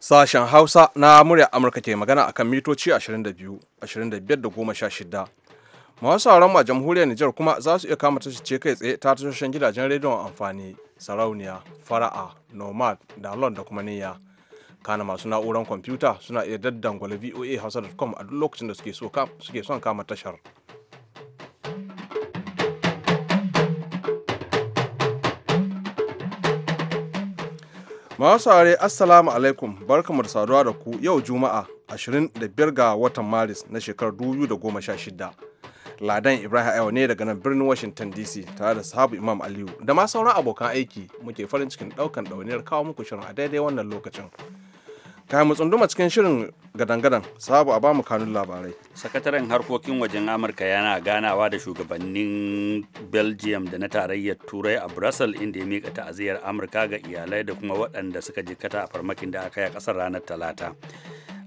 Sashen Hausa na murya Amurka ke magana akan mitoci 22, 25 da 16. Masu sauran a jamhuriyar Nijar kuma za su iya kama tashoci kai tsaye ta tashoshin gidajen rediyon amfani, sarauniya, fara'a, nomad, dalon da kuma niyya. Kana masu na'uran kwamfuta suna iya daddangwale voa hausa.com a duk lokacin da suke son kama tashar. Masu are Assalamu alaikum barkamu da saduwa da ku yau Juma'a 25 ga watan Maris na shekarar 2016. Ladan Ibrahim Ayo ne daga nan birnin Washington DC tare da sahabu Imam Aliyu da ma sauran abokan aiki muke farin cikin daukan ɗauniyar kawo muku shirin a daidai wannan lokacin. mu tsunduma cikin shirin gadan-gadan sabu a bamu kanun labarai sakataren harkokin wajen amurka yana ganawa da shugabannin belgium da na tarayyar turai a brussels inda ya mika ta'aziyar amurka ga iyalai da kuma waɗanda suka jikata a farmakin da aka yi a ƙasar ranar talata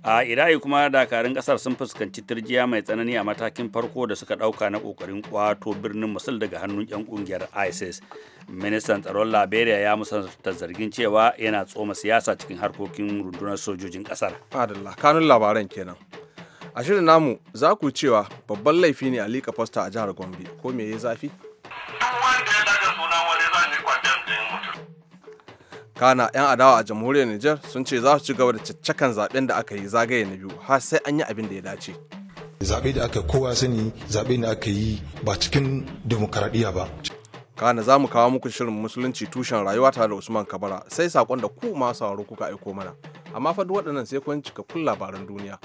a iraki kuma dakarun kasar sun fuskanci turjiya mai tsanani a matakin farko da suka dauka na kokarin kwato birnin musul daga hannun yan kungiyar isis ministan tsaron liberia ya musanta zargin cewa yana tsoma siyasa cikin harkokin rundunar sojojin kasar adalla kanun labaran kenan a shirin namu za ku cewa babban laifi ne a liƙa fosta a jihar gombe ko me ya zafi kana 'yan adawa a jamhuriyar nijar sun ce za su ci gaba da caccakan zaben da aka yi zagaye na biyu har sai an yi abin da ya dace zaɓe da aka kowa sani zaɓe da aka yi ba cikin demokaradiyya ba kana za mu kawo muku shirin musulunci tushen rayuwa tare da usman kabara sai sakon da ku ma sauraro kuka aiko mana amma fa duk waɗannan sai kun cikakkun labaran duniya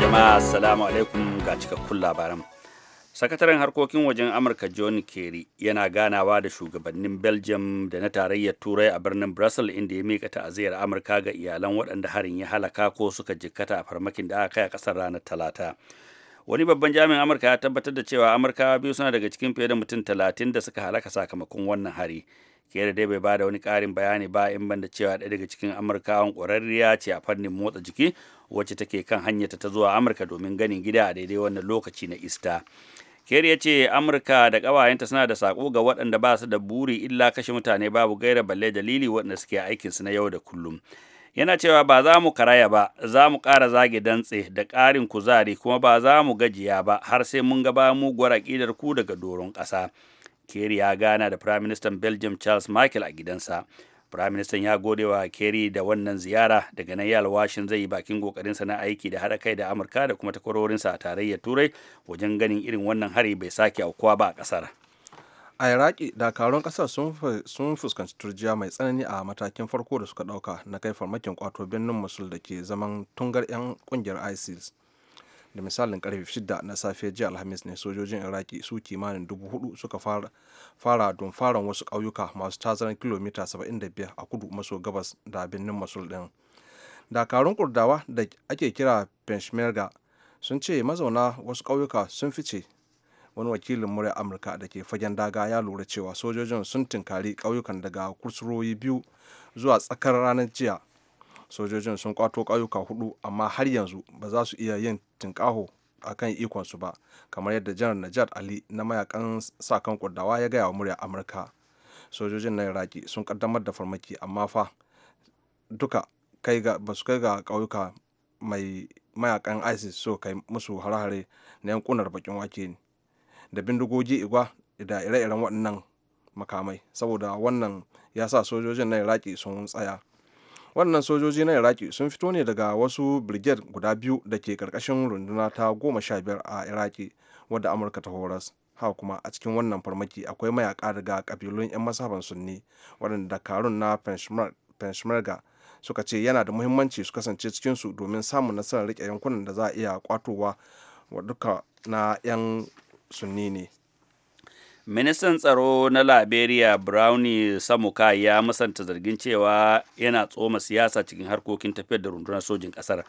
jama'a assalamu alaikum ga cikakkun labaran sakataren harkokin wajen amurka john kerry yana ganawa da shugabannin belgium da na tarayyar turai a birnin brussels inda ya mika ta'aziyar amurka ga iyalan waɗanda harin ya halaka ko suka jikkata a farmakin da aka kai a ƙasar ranar talata wani babban jami'in amurka ya tabbatar da cewa amurkawa biyu suna daga cikin fiye da mutum talatin da suka halaka sakamakon wannan hari kerry dai bai bada wani ƙarin bayani ba in banda cewa ɗaya daga cikin amurkawan ƙwararriya ce a fannin motsa jiki wacce take kan hanyarta ta zuwa amurka domin ganin gida a daidai wannan lokaci na ista Kerry ya ce Amurka da ƙawayenta suna da saƙo ga waɗanda ba su da buri illa kashe mutane babu gaira balle dalili waɗanda suke aikinsu na yau da kullum. Yana cewa ba za mu karaya ba, za mu ƙara zage dantse da ƙarin kuzari kuma ba za mu gajiya ba har sai mun ga ba mu gwara ƙidar ku daga doron ƙasa. Kerry ya gana da Firaministan Belgium Charles Michael a gidansa. Firaministan ya gode wa Kerry da wannan ziyara daga nan yalwashin zai yi bakin kokarinsa na aiki da haɗa kai da Amurka da kuma takwarorinsa a tarayyar Turai wajen ganin irin wannan hari bai sake aukuwa ba a ƙasar. a iraki dakarun kasar sun fuskanci turjiya mai tsanani a matakin farko da suka dauka na kai farmakin kwato birnin musul da ke zaman tungar 'yan kungiyar isis da misalin karfe 6 na safe jiya alhamis ne sojojin iraki su kimanin dubu hudu suka fara don fara wasu ƙauyuka masu tazaran kilomita 75 a kudu maso gabas da birnin masul din dakarun kurdawa da ake kira peshmerga sun ce mazauna wasu ƙauyuka sun fice wani wakilin murya amurka da ke fagen daga ya lura cewa sojojin sun tinkari ƙauyukan daga kursuroyi biyu zuwa tsakar ranar jiya sojojin sun kwato ƙauyuka hudu amma har yanzu ba za su iya yin tinkaho a kan ikonsu ba kamar yadda janar najat ali na mayakan sa kan kurdawa ya gaya wa murya amurka sojojin na iraki sun kaddamar da farmaki amma fa duka kai ga ba su kai ga ƙauyuka mai mayakan isis so kai musu harare na yankunar bakin wake ne da bindigogi igwa da ire-iren waɗannan makamai saboda wannan ya sa sojojin na iraki sun tsaya wannan sojoji na iraki sun fito ne daga wasu brigade guda biyu da ke karkashin runduna ta goma sha biyar a iraki wadda amurka ta horas ha kuma a cikin wannan farmaki akwai mayaka daga kabilun 'yan masaban sunni waɗanda karun na peshmerga suka ce yana da muhimmanci su kasance cikinsu domin samun nasarar riƙe yankunan da za a iya kwatowa wa duka na 'yan sunni ne ministan tsaro na liberia brownie samuka ya musanta zargin cewa yana tsoma siyasa cikin harkokin tafiyar da rundunar sojin kasar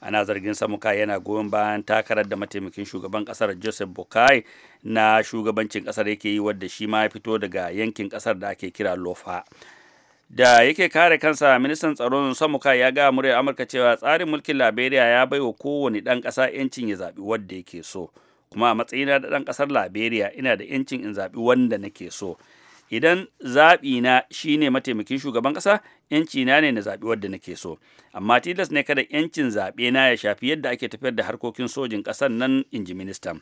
ana zargin samuka yana goyon bayan takarar da mataimakin shugaban kasar joseph bokai na shugabancin kasar yake yi wadda shi ma ya fito daga yankin kasar da ake kira lofa da yake kare kansa ministan tsaron samuka ya ga muryar amurka cewa tsarin mulkin liberia ya baiwa kowane ɗan ƙasa 'yancin ya zaɓi wadda yake so kuma a matsayina da ɗan ƙasar liberia ina da 'yancin in zaɓi wanda nake so idan zaɓi na ne mataimakin shugaban ƙasa yanci na ne na zaɓi wadda nake so amma tilas ne kada yancin zaɓe na ya shafi yadda ake tafiyar da harkokin sojin ƙasar nan in ji ministan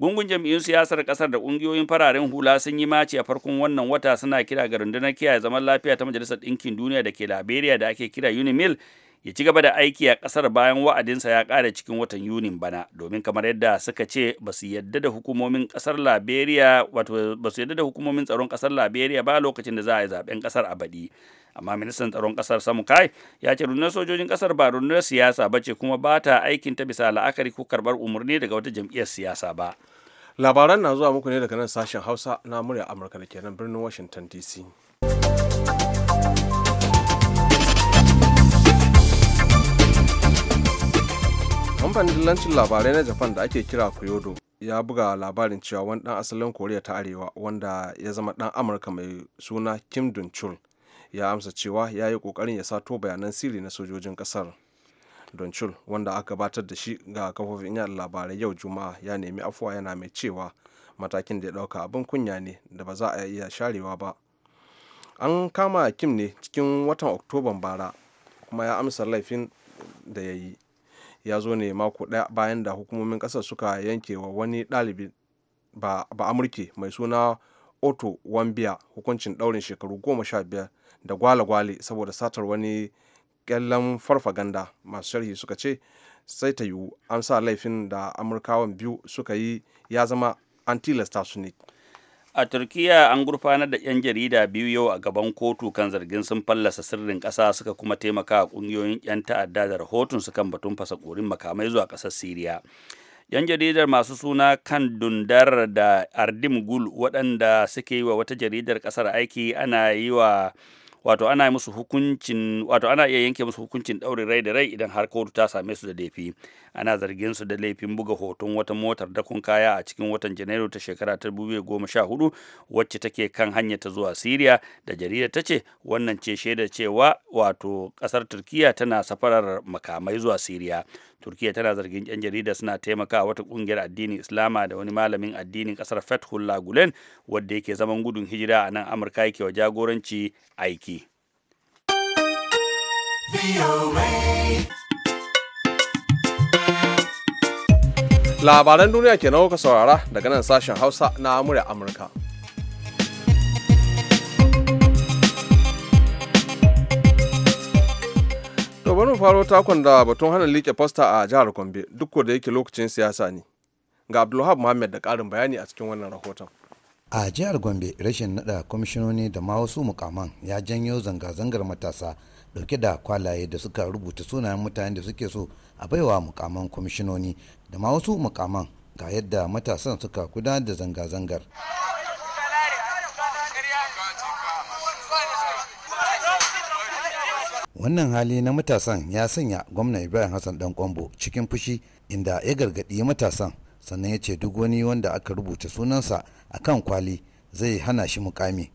gungun jam'iyyun siyasar ƙasar da ƙungiyoyin fararen hula sun yi maci a farkon wannan wata suna kira ga rundunar kiyaye zaman lafiya ta majalisar ɗinkin duniya da ke liberia da ake kira unimil ya ci gaba da aiki a kasar bayan wa'adinsa ya kare cikin watan yunin bana domin kamar yadda suka ce ba su yadda da hukumomin ƙasar liberia wato ba yadda da hukumomin tsaron ƙasar liberia ba lokacin da za a yi zaben kasar a baɗi amma ministan tsaron ƙasar samukai ya ce rundunar sojojin kasar ba rundunar siyasa ba ce kuma ba ta aikin ta bisa la'akari ko karbar umarni daga wata jam'iyyar siyasa ba labaran na zuwa muku ne daga nan sashen hausa na murya amurka da ke nan birnin washington dc kamfanin dillancin labarai na japan da ake kira kyodo ya buga labarin cewa wani dan asalin koriya ta arewa wanda ya zama dan amurka mai suna kim dun chul ya amsa cewa ya yi kokarin ya sato bayanan sirri na sojojin ƙasar don chul wanda aka gabatar da shi ga kafofin yada labarai yau juma'a ya nemi afuwa yana mai cewa matakin da ya ɗauka abin kunya ne da ba za a iya sharewa ba an kama kim ne cikin watan oktoban bara kuma ya amsa laifin da ya yi ya zo ne mako ɗaya bayan da hukumomin ƙasar suka yanke wa wani ɗalibi ba amurke mai suna otto wambiya hukuncin ɗaurin shekaru goma sha biyar da gwale-gwale saboda satar wani ƙyallen farfaganda masu sharhi suka ce sai ta yiwu an sa laifin da amurkawan biyu suka yi ya zama an tilasta su ne a turkiyya an gurfanar da 'yan jarida biyu yau a gaban kotu kan zargin sun fallasa sirrin ƙasa suka kuma taimaka a ƙungiyoyin 'yan ta'adda da rahoton su kan batun fasa ƙorin makamai zuwa ƙasar siriya yan jaridar masu suna kan dundar da ardim gul waɗanda suke yi wa wata jaridar ƙasar aiki ana yi wa wato ana musu hukuncin wato ana iya yanke musu hukuncin ɗaurin rai da rai idan har kotu ta same su da laifi ana zargin su da laifin buga hoton wata motar dakon kaya a cikin watan janairu ta shekara ta 2014 wacce take kan hanya ta zuwa siriya da jarida ta ce wannan ce shaida cewa wato kasar turkiya tana safarar makamai zuwa siriya turkiya tana zargin yan jarida suna taimakawa wata kungiyar addinin islama da wani malamin addinin kasar fethullah gulen wadda yake zaman gudun hijira a nan amurka yake wa jagoranci aiki. labaran duniya ke ka saurara daga nan sashen hausa na murya amurka to bari faro takon da batun hana like fasta a jihar gombe duk da yake lokacin siyasa ne ga abdulhab muhammad da karin bayani a cikin wannan rahoton a jihar gombe rashin nada kwamishinoni da ma wasu mukaman ya janyo zanga-zangar matasa dauke da kwalaye da suka rubuta sunayen mutanen da suke so a baiwa mukaman kwamishinoni da ma wasu mukaman ga yadda matasan suka kuda da zanga-zangar wannan hali na matasan ya sanya gwamna ibrahim hassan dan kwambo cikin fushi inda ya gargadi matasan sannan ya ce duk wani wanda aka rubuta sunansa akan kwali zai hana shi mukami.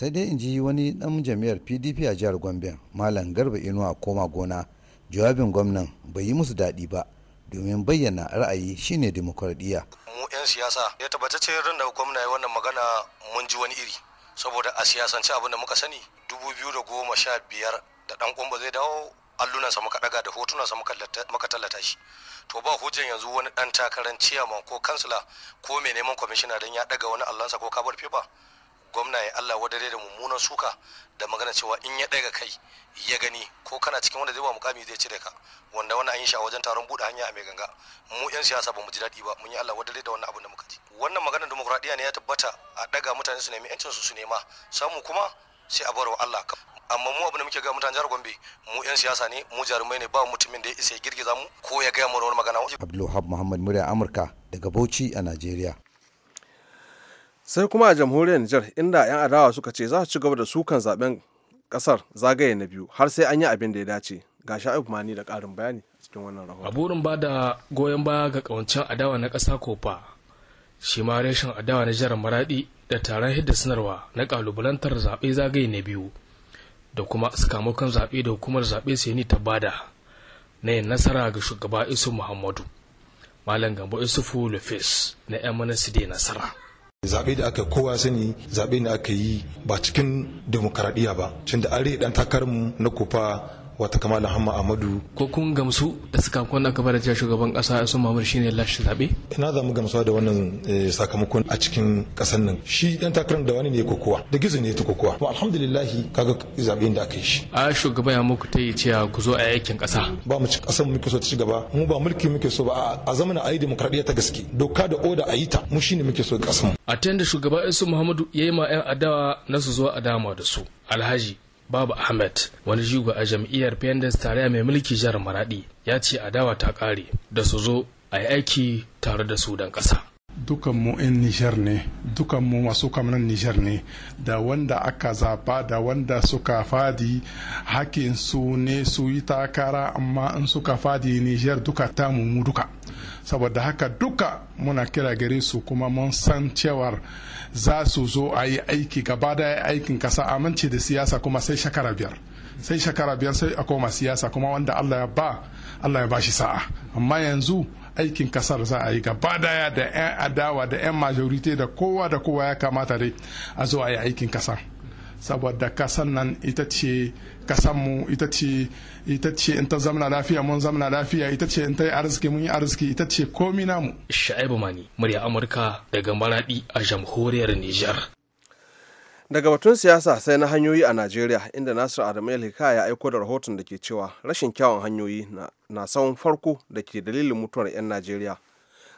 sai dai in ji wani dan jami'ar pdp a jihar gombe malam garba inuwa koma gona jawabin gwamnan bai yi musu daɗi ba domin bayyana ra'ayi shine demokradiyya mu 'yan siyasa ya tabbatacce ran da gwamna ya wannan magana mun ji wani iri saboda a siyasance abin da muka sani dubu biyu da goma sha biyar da dan kumba zai dawo allunansa muka daga da hotunansa muka tallata shi to ba hujjan yanzu wani dan takarar ciyaman ko kansila ko mai neman kwamishina don ya daga wani allansa ko kabar fifa gwamna ya Allah wadare da mummunan suka da magana cewa in ya ɗaga kai ya gani ko kana cikin wanda zai ba mukami zai cire ka wanda wani an yi wajen taron bude hanya a mai ganga mu yan siyasa ba mu ji daɗi ba mun yi Allah wadare da wannan abin da muka ji wannan maganar demokradiya ne ya tabbata a ɗaga mutane su nemi yancin su su nema samu kuma sai a barwa Allah amma mu abin da muke ga mutanen jihar Gombe mu yan siyasa ne mu jarumai ne ba mutumin da ya isa ya girgiza mu ko ya gaya mana wani magana Abdulwahab Muhammad murya Amurka daga Bauchi a Najeriya sai kuma a jamhuriyar Nijar inda 'yan adawa suka ce za su ci gaba da sukan zaben kasar zagaye na biyu har sai an yi abin da ya dace ga sha'ib mani da ƙarin bayani a cikin wannan rahoton. a burin ba da goyon baya ga kawancen adawa na ƙasa kofa shi ma reshen adawa na jihar maradi da taron hidda sanarwa na kalubalantar zaɓe zagaye na biyu da kuma sakamakon zaɓe da hukumar zaɓe sai ta bada na yin nasara ga shugaba isu muhammadu malam gambo isufu lufis na yan manasi nasara zaɓe da aka kowa sani zaɓe da aka yi ba cikin demokaradiyya ba tunda an dan takarmu na kufa wata kama alhamma amadu ko kun gamsu da suka sakamakon aka bada cewa shugaban kasa su mamur shine lashe zaɓe. ina za mu gamsuwa da wannan eh, sakamakon a cikin kasan nan shi dan takarar da wani ne kokowa da gizo ne ta kokowa to Ka kaga zaben da aka yi shi a shugaban ya muku ta yi cewa ku zo a yakin kasa ba mu ci kasan muke so ta ci gaba mu ba mulki muke so ba a zamanin ayi demokradiyya ta gaske doka da oda a yi ta mu shine muke so kasan a tanda shugaban Isu Muhammadu yayi ma yan adawa na su zo adama da su alhaji Babu Ahmed wani jigo a jam'iyyar PNDS tarayya mai mulki jihar Maradi ya ce adawa ta kare da su zo a yi aiki tare da su kasa. ƙasa. dukanmu in Nijar ne, mu masu kamanan Nijar ne, da wanda aka zaba da wanda suka fadi hakin su ne su yi takara amma in suka fadi Nijar duka ta mu duka. Saboda haka duka muna kira gare su kuma mun san cewar za su zo a yi aiki gaba da aikin kasa amince da siyasa kuma sai shekara biyar sai shekara biyar sai a koma siyasa kuma wanda Allah ya ba Allah ya ba shi sa'a amma yanzu aikin kasar za a yi gaba daya da 'yan adawa da 'yan majorite da kowa da kowa ya kamata dai a zo a yi aikin kasa saboda kasan nan ita ce kasanmu ita ce ita ce in ta zamana lafiya mun zamana lafiya ita ce in ta yi arziki mun yi arziki ita ce komi namu sha'ibu mani murya amurka daga maradi a jamhuriyar niger daga batun siyasa sai na hanyoyi a najeriya inda nasir adamu hikaya ya aiko da rahoton da ke cewa rashin kyawun hanyoyi na tsawon farko da ke dalilin mutuwar 'yan najeriya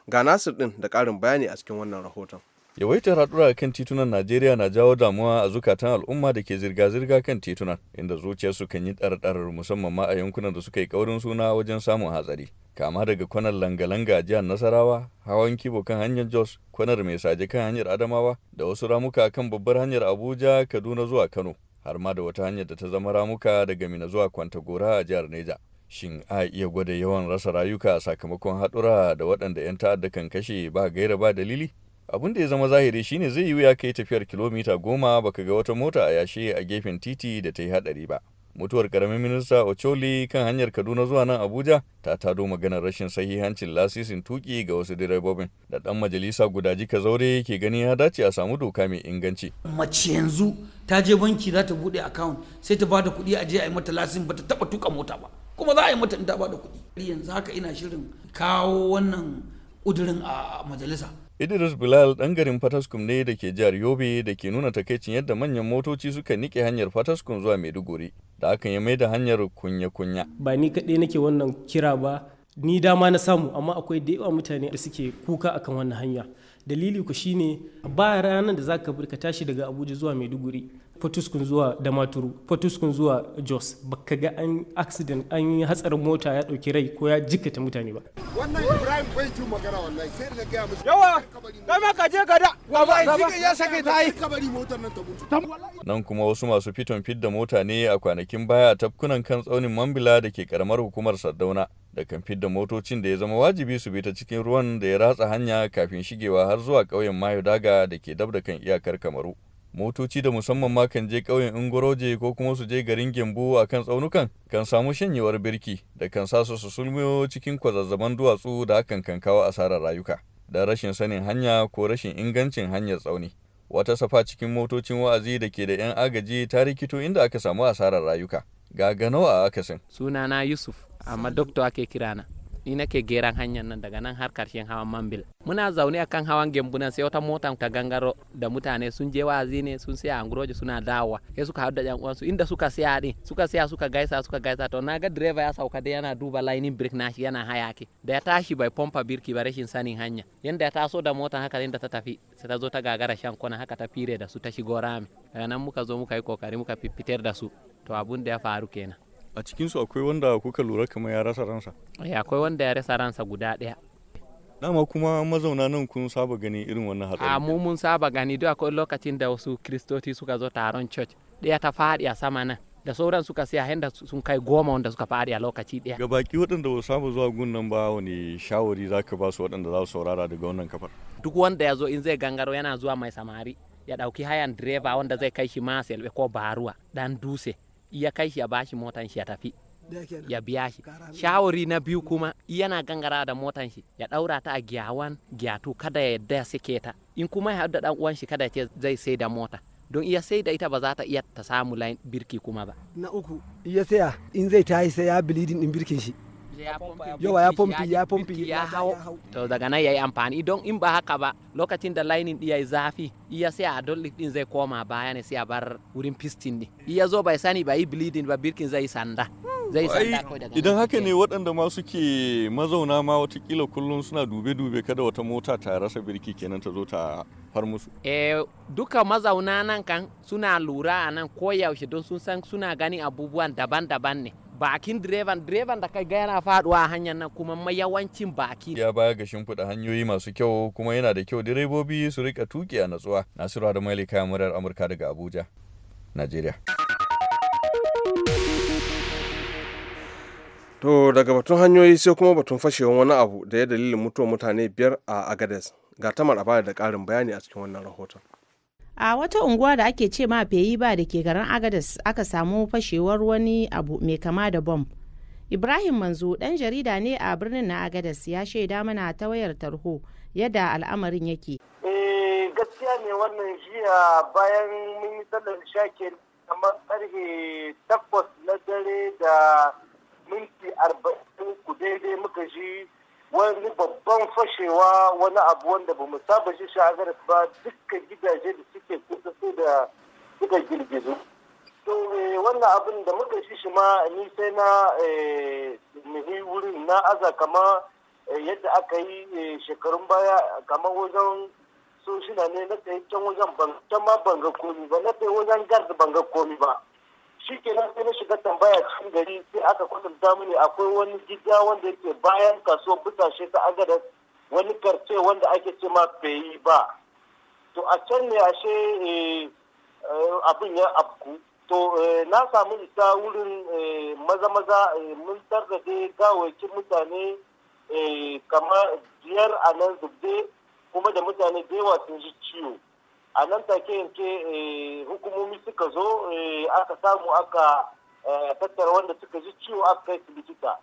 ga nasir din da ƙarin bayani a cikin wannan rahoton Yawaitar haɗura kan titunan Najeriya na jawo damuwa a zukatan al'umma da ke zirga-zirga kan titunan, inda zuciyarsu kan yi ɗarɗarar musamman ma a yankunan da suka yi ƙaurin suna wajen samun hatsari. Kama daga kwanar langa-langa a jihar Nasarawa, hawan kibo kan hanyar Jos, kwanar mai saje kan hanyar Adamawa, da wasu ramuka kan babbar hanyar Abuja, Kaduna zuwa Kano, har ma da wata hanyar da ta zama ramuka daga Mina zuwa Kwantagora a jihar Neja. shin a iya gwada yawan rasa rayuka sakamakon haɗura da waɗanda 'yan ta'adda kan kashe ba gaira ba dalili abin da ya zama zahiri shine zai yi wuya kai tafiyar kilomita goma baka ga wata mota a yashe a gefen titi da ta yi hadari ba mutuwar karamin minista ocholi kan hanyar kaduna zuwa nan abuja ta tado maganar rashin sahihancin lasisin tuki ga wasu direbobin da dan majalisa guda jika zaure ke gani ya dace a samu doka mai inganci mace yanzu ta je banki za ta bude account sai ta bada kuɗi a je a yi mata lasin ba ta taba tuka mota ba kuma za a yi mata in ta bada kuɗi yanzu haka ina shirin kawo wannan kudirin a majalisa Idris Bilal ɗan garin Fataskum ne da ke jihar Yobe da ke nuna takaicin yadda manyan motoci suka nike hanyar Fataskum zuwa Maiduguri da aka yi mai da hanyar kunya-kunya. Ba ni kaɗai nake wannan kira ba, ni dama na samu amma akwai da yawa mutane da suke kuka akan wannan hanya dalili ku shine ba ranar da zaka ka tashi daga abuja zuwa maiduguri potuskun zuwa damaturu potuskun zuwa jos baka ga an accident an yi hatsarin mota ya dauki rai ko ya jikata mutane ba nan kuma wasu masu fiton fidda mota ne a kwanakin baya a tafkunan kan tsaunin mambila da ke karamar hukumar sardauna da kan fidda motocin da ya zama wajibi su bi ta cikin ruwan da ya ratsa hanya kafin shigewa har zuwa ƙauyen mayo daga da ke dab da kan iyakar kamaru motoci da musamman ma kan je ƙauyen ingoroje ko kuma su je garin gembu a kan tsaunukan kan samu shanyewar birki da kan sa su sulmiyo cikin kwazazzaban duwatsu da hakan kan kawo asarar rayuka da rashin sanin hanya ko rashin ingancin hanyar tsauni wata safa cikin motocin wa'azi da ke da 'yan agaji ta rikito inda aka samu asarar rayuka ga nawa a akasin sunana yusuf amma doktor ake kirana ni nake geran hanyar nan daga nan har karshen hawan mambil muna zaune a kan hawan gembunan sai wata mota ta gangaro da mutane sun je wazi ne sun saya anguroji suna dawowa sai suka haɗu da yan uwansu inda suka saya din suka saya suka gaisa suka gaisa to na ga direba ya sauka da yana duba lainin na nashi yana hayaki da ya tashi bai pompa birki ba rashin sanin hanya yanda ya taso da motan haka inda ta tafi sai ta zo ta gagara shan kwana haka ta fire da su ta shigo rami daga nan muka zo muka yi kokari muka fitar da su to abun da ya faru kenan a cikinsu akwai wanda kuka lura kamar ya rasa ransa eh, akwai wanda ya rasa ransa guda ɗaya dama kuma mazauna nan kun saba gani irin wannan hatsari a mu mun saba gani duk akwai lokacin da wasu kristoti suka zo taron church ɗaya ta faɗi a sama nan da sauran suka sai a sun kai goma wanda suka faɗi a lokaci ɗaya ga baki waɗanda ba saba zuwa nan ba wani shawari za ka ba su waɗanda za su saurara daga wannan kafar duk wanda ya zo in zai gangaro yana zuwa mai samari ya ɗauki hayan direba wanda zai kai shi masel ko baruwa dan dutse ya kai shi ya bashi motan shi ya tafi ya biya shi shawari na biyu kuma yana gangara da motan shi ya daura ta a giyawan giyatu kada ya yadda ya sike ta in kuma ya haɗu da dan uwan shi kada ya ce zai sai da mota don iya sai da ita ba za ta iya ta samu layin birki kuma ba na uku iya saya in zai tayi sai ya bilidin din birkin shi yawa ya pompi ya pompi ya hau to daga nan yayi amfani don in ba haka ba lokacin da lining din yayi zafi iya sai a dolly din zai koma baya ne sai a bar wurin piston ne iya zo bai sani ba yi bleeding ba birkin zai sanda zai sanda kawai daga idan haka ne waɗanda ma suke mazauna ma watakila kullum suna dube-dube kada wata mota ta rasa birki kenan ta zo ta far musu? Eh, duka mazauna nan kan suna lura a nan koyaushe don sun san suna ganin abubuwan daban-daban ne. bakin direban direban da kai ga yana faduwa hanyar nan kuma yawancin baki ya baya ga shimfiɗa hanyoyi masu kyau kuma yana da kyau direbobi su rika tuki a natsuwa nasiru mai kayan murar amurka daga abuja nigeria to daga batun hanyoyi sai kuma batun fashewar wani abu da ya dalilin mutuwar mutane biyar a agades ga tamar a da ƙarin bayani a cikin wannan rahoton a wata unguwa da ake ce ma feyi ba da ke garin agadas aka samu fashewar wani abu mai kama da bom ibrahim manzo dan jarida ne a birnin na agadas ya shaida mana ta wayar tarho yadda al'amarin yake eh, gaskiya ne wannan jiya bayan mun yi sallar shakin kamar karfe takwas na dare da minti arba'in ku daidai muka ji wani babban fashewa wani abu wanda ba mu saba shi shagarar ba dukkan gidaje da suke kusa su da suka girgizu to eh, wannan abin da muka shi shi ma ni sai na eh, muhi wurin na aza kama eh, yadda aka yi shekarun baya kama wajen so shi na ne na tsaye can wajen ban ma banga komi ba na tsaye wajen gar da ban komi ba shi ke na sai na shiga tambaya cikin gari sai aka kwatanta mini akwai wani gida wanda yake bayan kasuwar butashe ta agada wani karce wanda ake ce ma yi ba to a can ne ashe eh, abin ya abku to eh, na samu isa wurin eh, maza-maza mun targade gawakin mutane kamar biyar a nan zubde kuma da mutane da yawa sun ji ciwo a nan take yanke eh, hukumomi suka zo eh, aka samu aka eh, tattara wanda suka ji ciwo aka kai su likita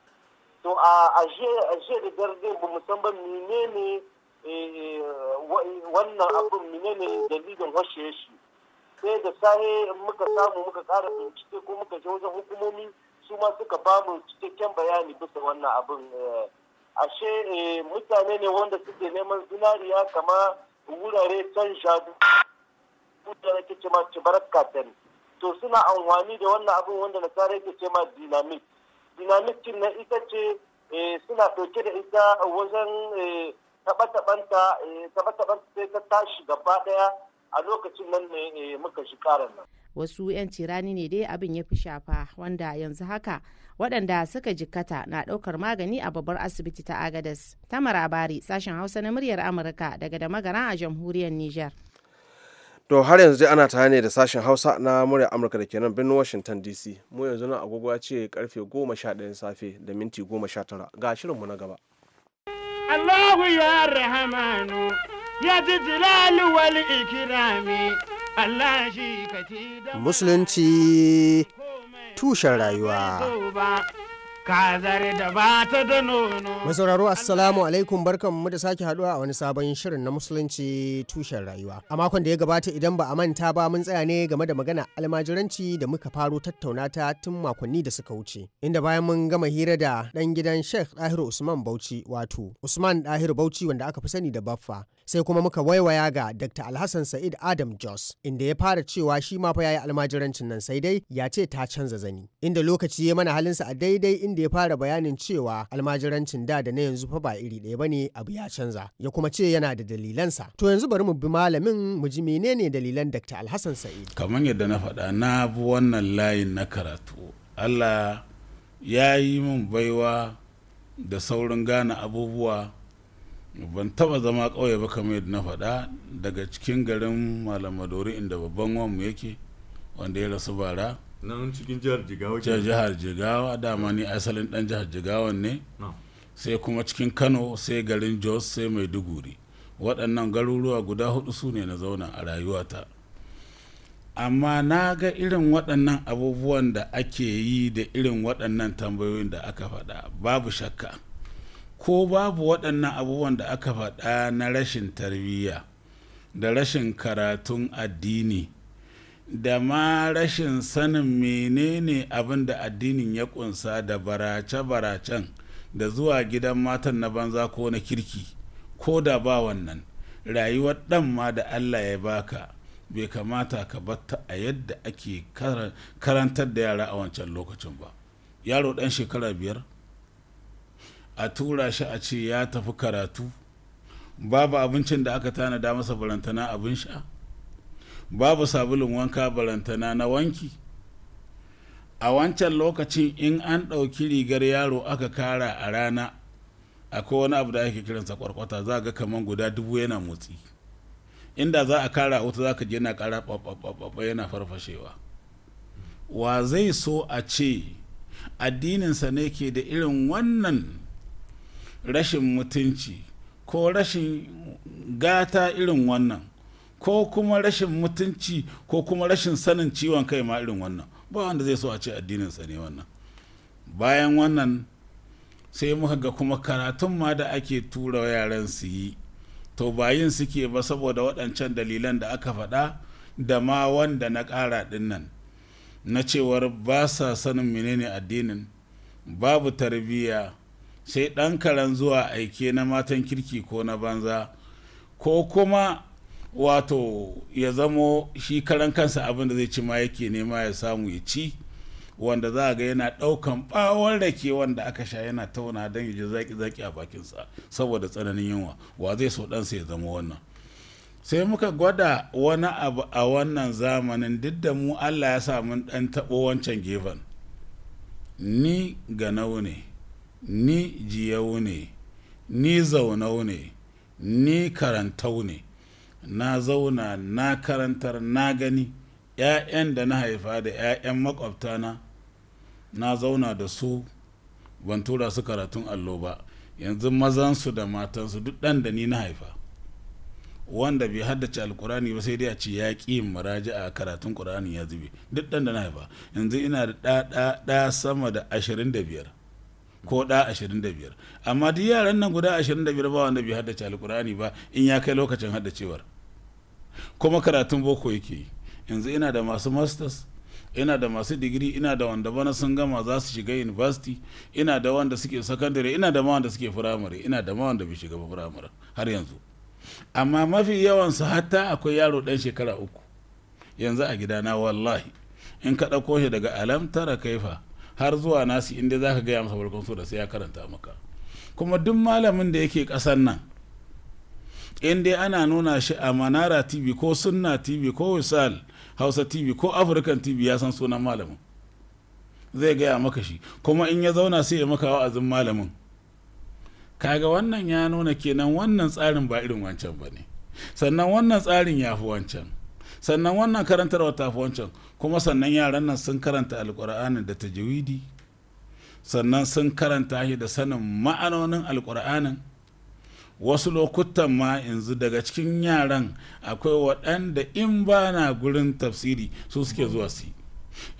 to a jiya da dare ba musamman ne wannan abin ne dalilin washe shi sai da sahe muka samu muka kara bincike ko muka je wajen hukumomi su ma suka ba mu cikakken bayani bisa wannan abin ashe mutane ne wanda suke neman zinariya kama wurare can shabu da ke ce ma cibarar katani to suna amfani da wannan abin wanda tsara yake ce ma dynamic dynamic cin na ita ce eh, suna ɗauke da ita wajen eh, eh, taɓa-taɓanta sai ta tashi gaba ɗaya a lokacin nan ne muka shi ƙarar nan wasu 'yan cirani ne dai abin ya fi shafa wanda yanzu haka waɗanda suka jikkata na ɗaukar magani a babbar asibiti ta agadas ta bari sashen hausa na muryar amurka daga da magana a jamhuriyar niger to har yanzu ana tare ne da sashen hausa na muryar amurka da kenan birnin washington dc mu yanzu nan agogo ya ce karfe goma sha safe da minti goma sha tara ga shirinmu na gaba Allahu ya rahamanu ya ji wal ikirami Musulunci tushen rayuwa. Mai sauraro Assalamu alaikum barkanmu da sake haduwa a wani sabon shirin na Musulunci tushen rayuwa. A makon da ya gabata idan ba a manta ba mun tsaya ne game da magana almajiranci da muka faru tattauna ta tun makonni da suka wuce. Inda bayan mun gama hira da dan gidan Sheikh Dahiru Usman Bauchi wato Usman Dahiru Bauchi wanda aka fi sani da Baffa sai kuma muka waiwaya ga Dr. Alhassan Sa'id Adam Jos inda ya fara cewa shi ma fa yayi almajirancin nan sai dai ya ce ta canza zani inda lokaci ya mana halinsa a daidai inda ya fara bayanin cewa almajirancin da da na yanzu fa ba iri ɗaya bane abu ya canza ya kuma ce yana da dalilansa to yanzu bari mu bi malamin mu ji menene dalilan Dr. Alhassan Sa'id kamar yadda na faɗa na bi wannan layin na karatu Allah ya yi min baiwa da saurin gane abubuwa ban taba zama ƙauye ba kamar yadda na faɗa daga cikin garin malamadori inda babban wanmu yake wanda ya rasu bara nan cikin jihar jigawa jihar jigawa dama ni asalin dan jihar jigawa ne sai kuma cikin kano sai garin jos sai maiduguri waɗannan garuruwa guda hudu su ne na zauna a rayuwata amma na ga irin waɗannan abubuwan da ake yi da irin waɗannan tambayoyin da aka faɗa babu shakka ko babu waɗannan abubuwan da aka faɗa na rashin tarbiyya da rashin karatun addini da ma rashin sanin menene abin da addinin ya ƙunsa da barace-baracen da zuwa gidan matan na banza ko na kirki ko da ba wannan rayuwar ɗan ma da allah ya baka bai kamata ka batta a yadda ake karantar da yara a wancan lokacin ba yaro ɗan shekara biyar a tura shi a ce ya tafi karatu babu abincin da aka tanada masa barantana abin sha babu sabulun wanka barantana na wanki a wancan lokacin in an ɗauki rigar yaro aka kara a rana akwai wani abu da ake kiransa kwarkwata za ga kamar guda dubu yana motsi inda za a kara wuta za ka je yana kara ɓaɓɓaɓɓaɓɓa yana farfashewa wa zai so a ce addininsa ne ke da irin wannan rashin mutunci ko rashin gata irin wannan ko kuma rashin mutunci ko kuma rashin sanin ciwon kai ma irin wannan ba wanda zai so a ce addininsa ne wannan bayan wannan sai muka ga kuma karatun ma da ake tura yaran su yi to bayin suke ba saboda waɗancan dalilan da aka faɗa da ma wanda na ƙara ɗinnan na cewar ba sa sanin menene addinin babu tarbiyya sai ɗan karen zuwa aike na matan kirki ko na banza ko kuma wato ya zamo shi karan kansa abin da zai ci ma yake nema ya samu ya ci wanda za a ga yana ɗaukan ɓawon rake wanda aka sha yana tauna don ya ji zaƙi-zaƙi a bakinsa saboda tsananin yunwa wa zai so ɗansa ya zama wannan sai muka gwada wani abu a wannan zamanin duk da mu allah ya sa mun ɗan taɓo wancan gefen ni ga nau ne ni jiyau ne ni zaunau ne ni karantau ne na zauna na karantar na gani ‘ya'yan da na haifa da ‘ya'yan makwabtana na zauna da su ban tura su karatun allo ba yanzu mazansu da matansu duk ɗan da ni na haifa wanda bai haddace alkurani ba sai dai a ce ya ƙi maraji a karatun ƙur'ani ya zube duk ɗan da na haifa yanzu ina da ɗaɗa sama da ashirin da biyar ko da 25 amma duk yaran nan guda 25 ba wanda bai haddace alkur'ani ba in ya kai lokacin haddacewar kuma karatun boko yake yi yanzu ina da masu masters ina da masu digiri ina da wanda bana sun gama za su shiga university ina da wanda suke secondary ina da ma wanda suke firamare ina da wanda bai shiga firamare har yanzu amma mafi yawan su hatta akwai yaro dan shekara uku yanzu a gidana wallahi in ka ɗauko shi daga alam tara kaifa har zuwa nasi inda za ka gaya masa farkon da sai ya karanta maka kuma duk malamin da yake kasan nan in dai ana nuna shi a manara tv ko sunna tv ko wisal hausa tv ko african tv ya san sunan malamin zai gaya maka shi kuma in ya zauna sai ya maka wa'azin malamin kaga wannan ya nuna kenan wannan tsarin ba irin wancan ba ne sannan wannan tsarin ya fi wancan sannan wannan karantarwa ta fi wancan kuma sannan yaran nan sun karanta alkur'ani da tajwidi sannan sun karanta shi da sanin ma'anonin alkur'anin wasu lokutan ma yanzu daga cikin yaran akwai waɗanda in ba na gurin tafsiri su suke zuwa su yi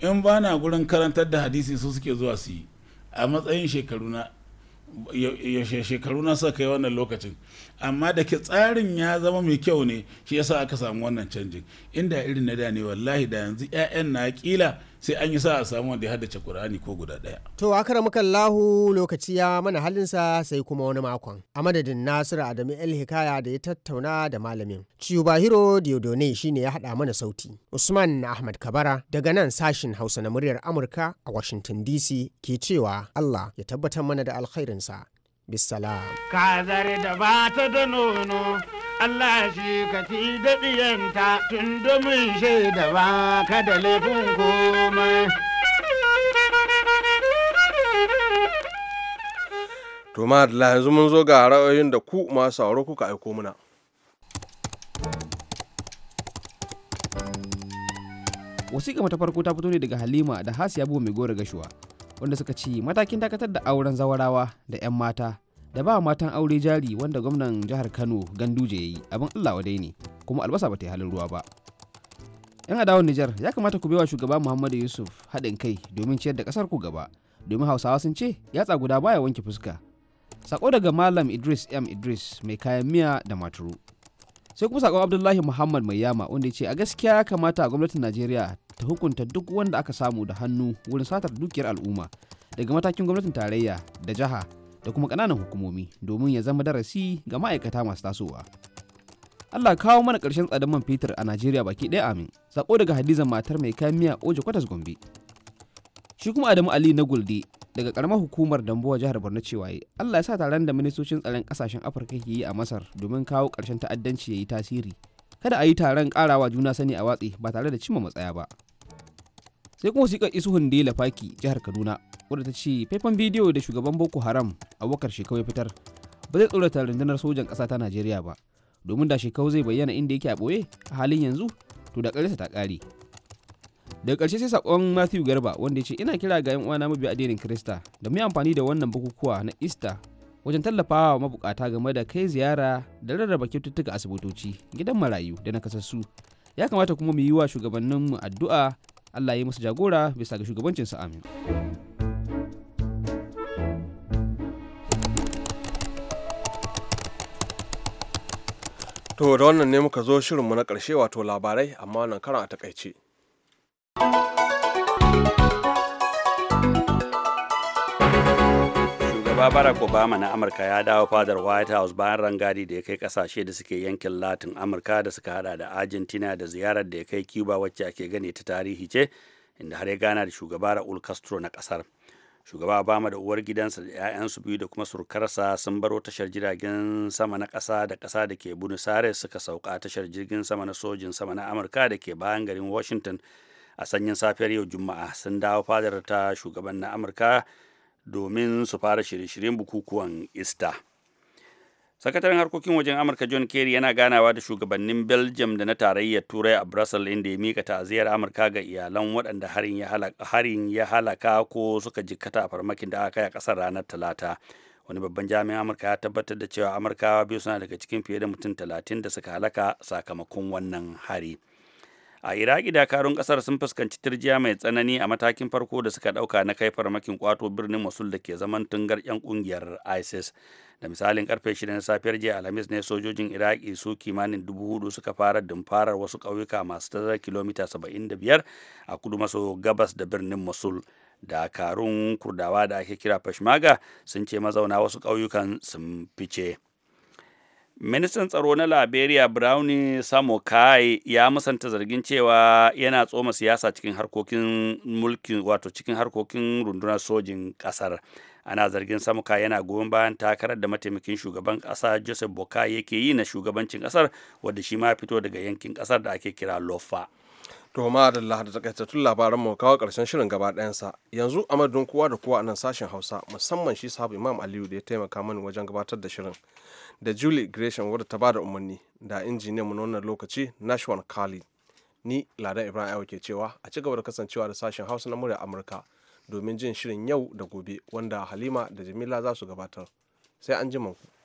in ba na gurin karantar da hadisi su suke zuwa su yi a matsayin shekaru na yaushe shekaru na suka kai wannan lokacin amma da ke tsarin ya zama mai kyau ne shi yasa aka samu wannan canjin inda irin na da ne wallahi da yanzu 'ya'yan na kila sai an yi sa a samu wanda ya haddace Kur'ani ko guda ɗaya. To akaramukan lahu lokaci ya mana halinsa sai kuma wani makon. A madadin Nasiru Adamu El Hikaya da ya tattauna da malamin. bahiro Diodone ne ya haɗa mana sauti. Usman Ahmad Kabara daga nan sashin Hausa na muryar Amurka a Washington DC ke cewa Allah ya tabbatar mana da alkhairinsa. Bissalam. Kazar da ba da nono Allah shi ka fi daɗiyanta tun domin shaida ba ka da laifin komai. To ma yanzu mun zo ga ra'ayoyin da ku masu sauro kuka aiko muna. Wasiƙa ta farko ta fito ne daga Halima da Hasiya buga Mai Gora Gashuwa, wanda suka ce matakin dakatar da auren zawarawa da 'yan mata da ba matan aure jari wanda gwamnan jihar kano ganduje ya yi abin allah wadai ne kuma albasa ba ta yi halin ruwa ba yan adawar nijar ya kamata ku baiwa shugaba muhammadu yusuf haɗin kai domin ciyar da ƙasar ku gaba domin hausawa sun ce yatsa guda baya wanke fuska sako daga malam idris m idris mai kayan miya da maturu sai kuma sakon abdullahi muhammad mai yama wanda ya ce a gaskiya ya kamata gwamnatin najeriya ta hukunta duk wanda aka samu da hannu wurin satar dukiyar al'umma daga matakin gwamnatin tarayya da jiha da kuma ƙananan hukumomi domin ya zama darasi ga ma'aikata masu tasowa. Allah kawo mana ƙarshen tsadar man fetur a Najeriya baki ɗaya amin. Sako daga Hadiza matar mai kayan miya Oje Kwatas Gombe. Shi kuma Adamu Ali na Gulde daga ƙaramar hukumar Dambuwa jihar Borno cewa Allah ya sa taron da ministocin tsaron ƙasashen Afirka ke yi a Masar domin kawo ƙarshen ta'addanci ya yi tasiri. Kada a yi taron ƙarawa juna sani a watsi ba tare da cimma matsaya ba. sai kuma wasiƙar isu dela lafaki jihar kaduna wadda ta ce faifan bidiyo da shugaban boko haram a abubakar shekau ya fitar ba zai tsorata rundunar sojan ƙasa ta najeriya ba domin da shekau zai bayyana inda yake a ɓoye a halin yanzu to da ƙarsa ta ƙare daga ƙarshe sai saƙon matthew garba wanda ya ce ina kira ga 'yan uwana mabiya addinin kirista da mu amfani da wannan bukukuwa na ista wajen tallafawa mabukata game da kai ziyara da rarraba kyaututtuka asibitoci gidan marayu da na kasassu ya kamata kuma mu yi wa shugabanninmu addu'a Allah ya musu jagora bisa ga shugabancinsu amin. To da wannan ne muka zo shirinmu na ƙarshe wato labarai amma wannan karan a takaice. shugaba barack obama na amurka ya dawo fadar white house bayan rangadi da ya kai kasashe da suke yankin latin amurka da suka hada da argentina da ziyarar da ya kai cuba wacce ake gani ta tarihi ce inda har ya gana da shugaba raul castro na kasar shugaba obama da uwar gidansa da 'ya'yansu biyu da kuma surukarsa sun baro tashar jiragen sama na kasa da kasa da ke buenos aires suka sauka tashar jirgin sama na sojin sama na amurka da ke bayan garin washington a sanyin safiyar yau juma'a sun dawo fadar ta shugaban na amurka domin su fara shirye-shiryen bukukuwan ista sakataren harkokin wajen amurka john kerry yana ganawa da shugabannin belgium da na tarayyar turai a brussels inda ya mika ta'aziyar amurka ga iyalan waɗanda harin ya halaka ko suka jikkata a farmakin da aka kai a ƙasar ranar talata wani babban jami'in amurka ya tabbatar da cewa amurkawa biyu suna daga cikin fiye da mutum talatin da suka halaka sakamakon wannan hari a iraki dakarun kasar sun fuskanci tirjiya mai tsanani a matakin farko da suka dauka na kai farmakin kwato birnin mosul da ke zaman tungar yan kungiyar isis da misalin karfe shida na safiyar jiya alhamis ne sojojin iraki su kimanin dubu hudu suka fara dumfarar wasu ƙauyuka masu tazarar kilomita 75 a kudu maso gabas da birnin mosul dakarun kurdawa da ake kira peshmerga sun ce mazauna wasu ƙauyukan sun fice. ministan tsaro na liberia brownie samokai ya musanta zargin cewa yana tsoma siyasa cikin harkokin mulkin wato cikin harkokin rundunar sojin kasar ana zargin samuka yana goyon bayan takarar da mataimakin shugaban kasa joseph boka yake yi na shugabancin kasar wadda shi ma fito daga yankin kasar da ake kira lofa To ma da Allah da takaitattun labaran mu kawo karshen shirin gaba sa Yanzu a madadin kowa da kowa a nan sashen Hausa musamman shi sahabu Imam Aliyu da ya taimaka mani wajen gabatar da shirin. Da Julie Gresham wadda ta bada umarni da injiniyan mu na wannan lokaci Nashwan Kali. Ni Ladan Ibrahim Ayo ke cewa a ci gaba da kasancewa da sashen Hausa na murya Amurka domin jin shirin yau da gobe wanda Halima da Jamila za su gabatar. Sai an ji ku.